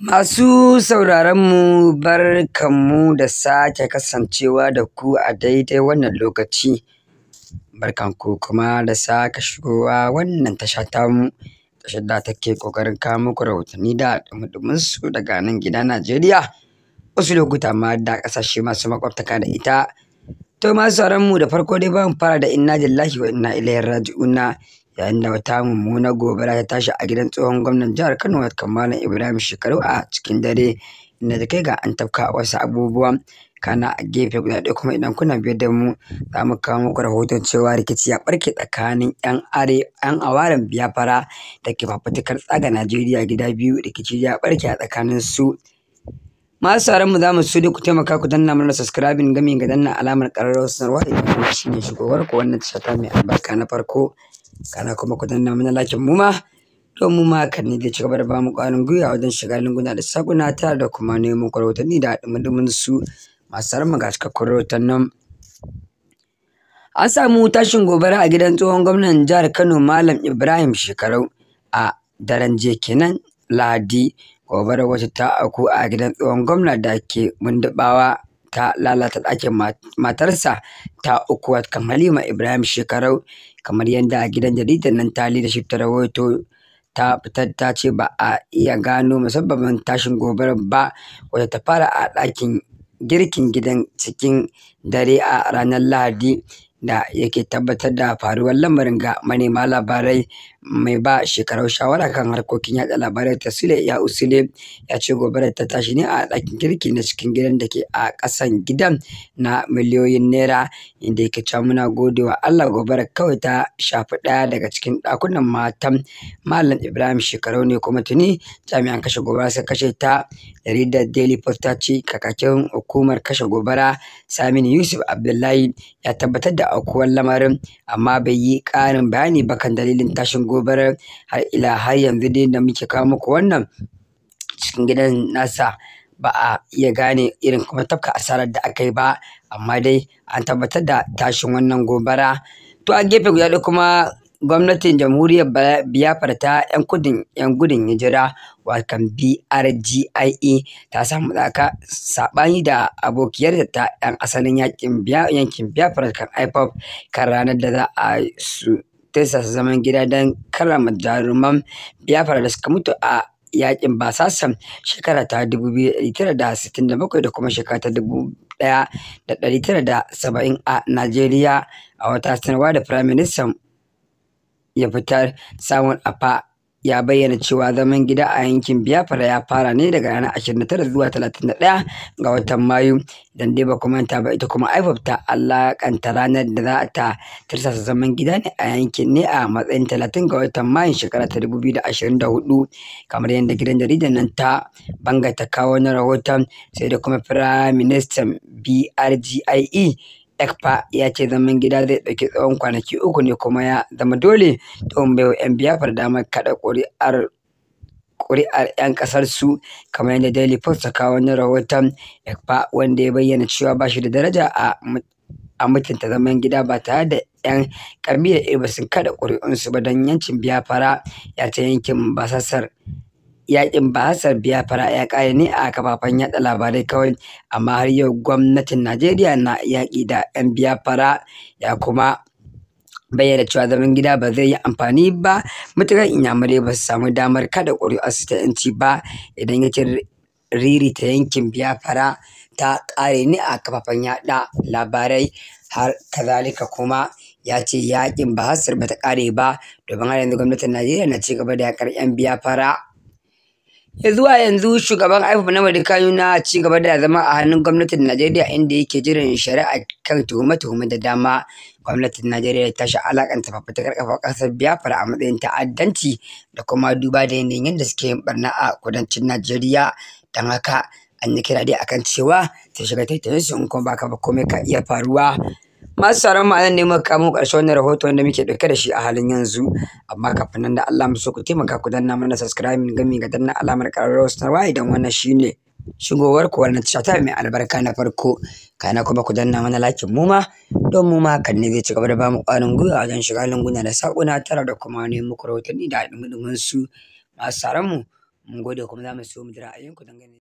Masu sauraronmu barkanmu da sake kasancewa da ku a daidai wannan lokaci. Barkanku kuma da sake shigowa wannan tasha tamu, tashar da take ƙoƙarin kawo muku rahotanni da ɗumuɗuminsu daga nan gida Najeriya, wasu lokuta ma da ƙasashe masu maƙwabtaka da ita. To masu sauraronmu da farko dai bamu fara da inna lillahi wa inna ilaihi raji'una yayin da wata mummunar gobara ta tashi a gidan tsohon gwamnan jihar Kano kan Ibrahim Shekaru a cikin dare inda ta kai ga an tafka wasu abubuwa kana a gefe guda ɗaya kuma idan kuna biyar da mu za mu kawo muku rahoton cewa rikici ya ɓarke tsakanin 'yan are 'yan awaren biyafara da ke fafutukar tsaga Najeriya gida biyu rikici ya ɓarke a tsakanin su masu sauran mu za mu su ku taimaka ku danna mana subscribing gami ga danna alamar ƙararrawar sanarwa idan kuma shine shigowar ku wannan tasha mai albarka na farko kana kuma ku danna mana lakin mu ma mu ma kan ne ci gaba da bamu ƙwarin gwiwa wajen shiga lunguna da sakuna tare da kuma neman rahotanni da dumin su masu sarma ga cikakkun nan. An samu tashin gobara a gidan tsohon gwamnan jihar Kano Malam Ibrahim Shekarau a daren jekinan kenan Lahadi gobara wata ta auku a gidan tsohon gwamna da ke mundubawa ta lalata ɗakin matarsa ta uku kan Halima Ibrahim shekarau kamar yadda gidan jaridar nan ta da shi ta rawaito ta fitar ta ce ba a iya gano musabbabin tashin gobarar ba wadda ta fara a ɗakin girkin gidan cikin dare a ranar Lahadi da yake tabbatar da faruwar lamarin ga manema labarai mai ba shekarau shawara kan harkokin yaɗa labarai ta Sule ya usile ya ce gobarar ta tashi ne a ɗakin girki na cikin gidan da ke a ƙasan gidan na miliyoyin naira inda yake cewa muna gode wa Allah gobarar kawai ta shafi ɗaya daga cikin ɗakunan matan Mallam Ibrahim shekarau ne kuma tuni jami'an kashe gobara suka kashe ta jaridar Daily Post ta ce kakakin hukumar kashe gobara Samin Yusuf Abdullahi ya tabbatar da aukuwar lamarin amma bai yi ƙarin bayani ba kan dalilin tashin gobarar har ila har yanzu dai da muke kawo muku wannan cikin gidan nasa ba a iya gane irin kuma tafka asarar da aka yi ba amma dai an tabbatar da tashin wannan gobara to a gefe guda kuma gwamnatin jamhuriyar biafra ta 'yan kudin 'yan gudun hijira wakan brgie ta samu tsaka saɓani da abokiyar ta 'yan asalin yankin biafra kan ipop kan ranar da za a su Tesasa zaman gida don karrama jaruman Biafra da suka mutu a yakin basasan shekara ta 1967 da kuma shekara ta 1970 a Najeriya a wata sanarwa da Firaministan ya fitar samun afa ya bayyana cewa zaman gida a yankin Biafra ya fara ne daga ranar 29 zuwa 31 ga watan Mayu idan dai ba manta ba ita kuma IFOP ta alakanta ranar da za ta tirsasa zaman gida ne a yankin ne a matsayin 30 ga watan Mayu shekara ta 2024 kamar yadda gidan jaridar nan ta banga ta kawo na rahoton sai da kuma Prime Minister BRGIE ekpa ya ce zaman gida zai ɗauki tsawon kwanaki uku ne kuma ya zama dole domin baiwa 'yan biyafar damar kaɗa ƙuri'ar kuri'ar 'yan kasar su kamar yadda daily post ta kawo wani rahoton ekpa wanda ya bayyana cewa ba shi da daraja a mutunta zaman gida ba tare da 'yan kabilar ibo sun kada ƙuri'unsu ba don yancin biyafara ya ta yankin basasar yakin basar biyafara ya kare ne a kafafen yada labarai kawai amma har yau gwamnatin najeriya na yaƙi da 'yan biyafara ya kuma bayyana cewa zaman gida ba zai yi amfani ba matuƙar inyamurai ba su samu damar kada ƙuri'arsu ta 'yanci ba idan yake riri ta yankin biyafara ta ƙare ne a kafafen yaɗa labarai har kazalika kuma ya ce yaƙin ba hasar ba ta ƙare ba domin har yanzu gwamnatin najeriya na ci gaba da yakar 'yan biyafara ya zuwa yanzu shugaban IPOB na Madikayu na ci gaba da zama a hannun gwamnatin Najeriya inda yake jiran shari'a kan tuhume-tuhume da dama. Gwamnatin Najeriya ta sha alakanta fafutukar kafa kasar Biafra a matsayin ta'addanci da kuma duba da yanayin yadda suke yin barna a kudancin Najeriya. Dan haka an yi kira dai akan cewa ta shiga tattalin su in kuma ba ka ba komai ka iya faruwa. masu sauran ma zan ne kamo kawo wannan rahoto wanda muke ɗauke da shi a halin yanzu amma kafin nan da Allah mu so ku taimaka ku danna mana ga gami ga danna alamar ƙararrawar sanarwa idan wannan ne. shigowar ku wannan tasha mai albarka na farko kana kuma ku danna mana lakin mu ma don mu ma kan ne zai ci gaba da bamu ƙwarin gwiwa wajen shiga lunguna da saƙuna tara da kuma ne muku rahotanni da haɗin su masu sauran mu mun gode kuma za mu so mu jira. dangane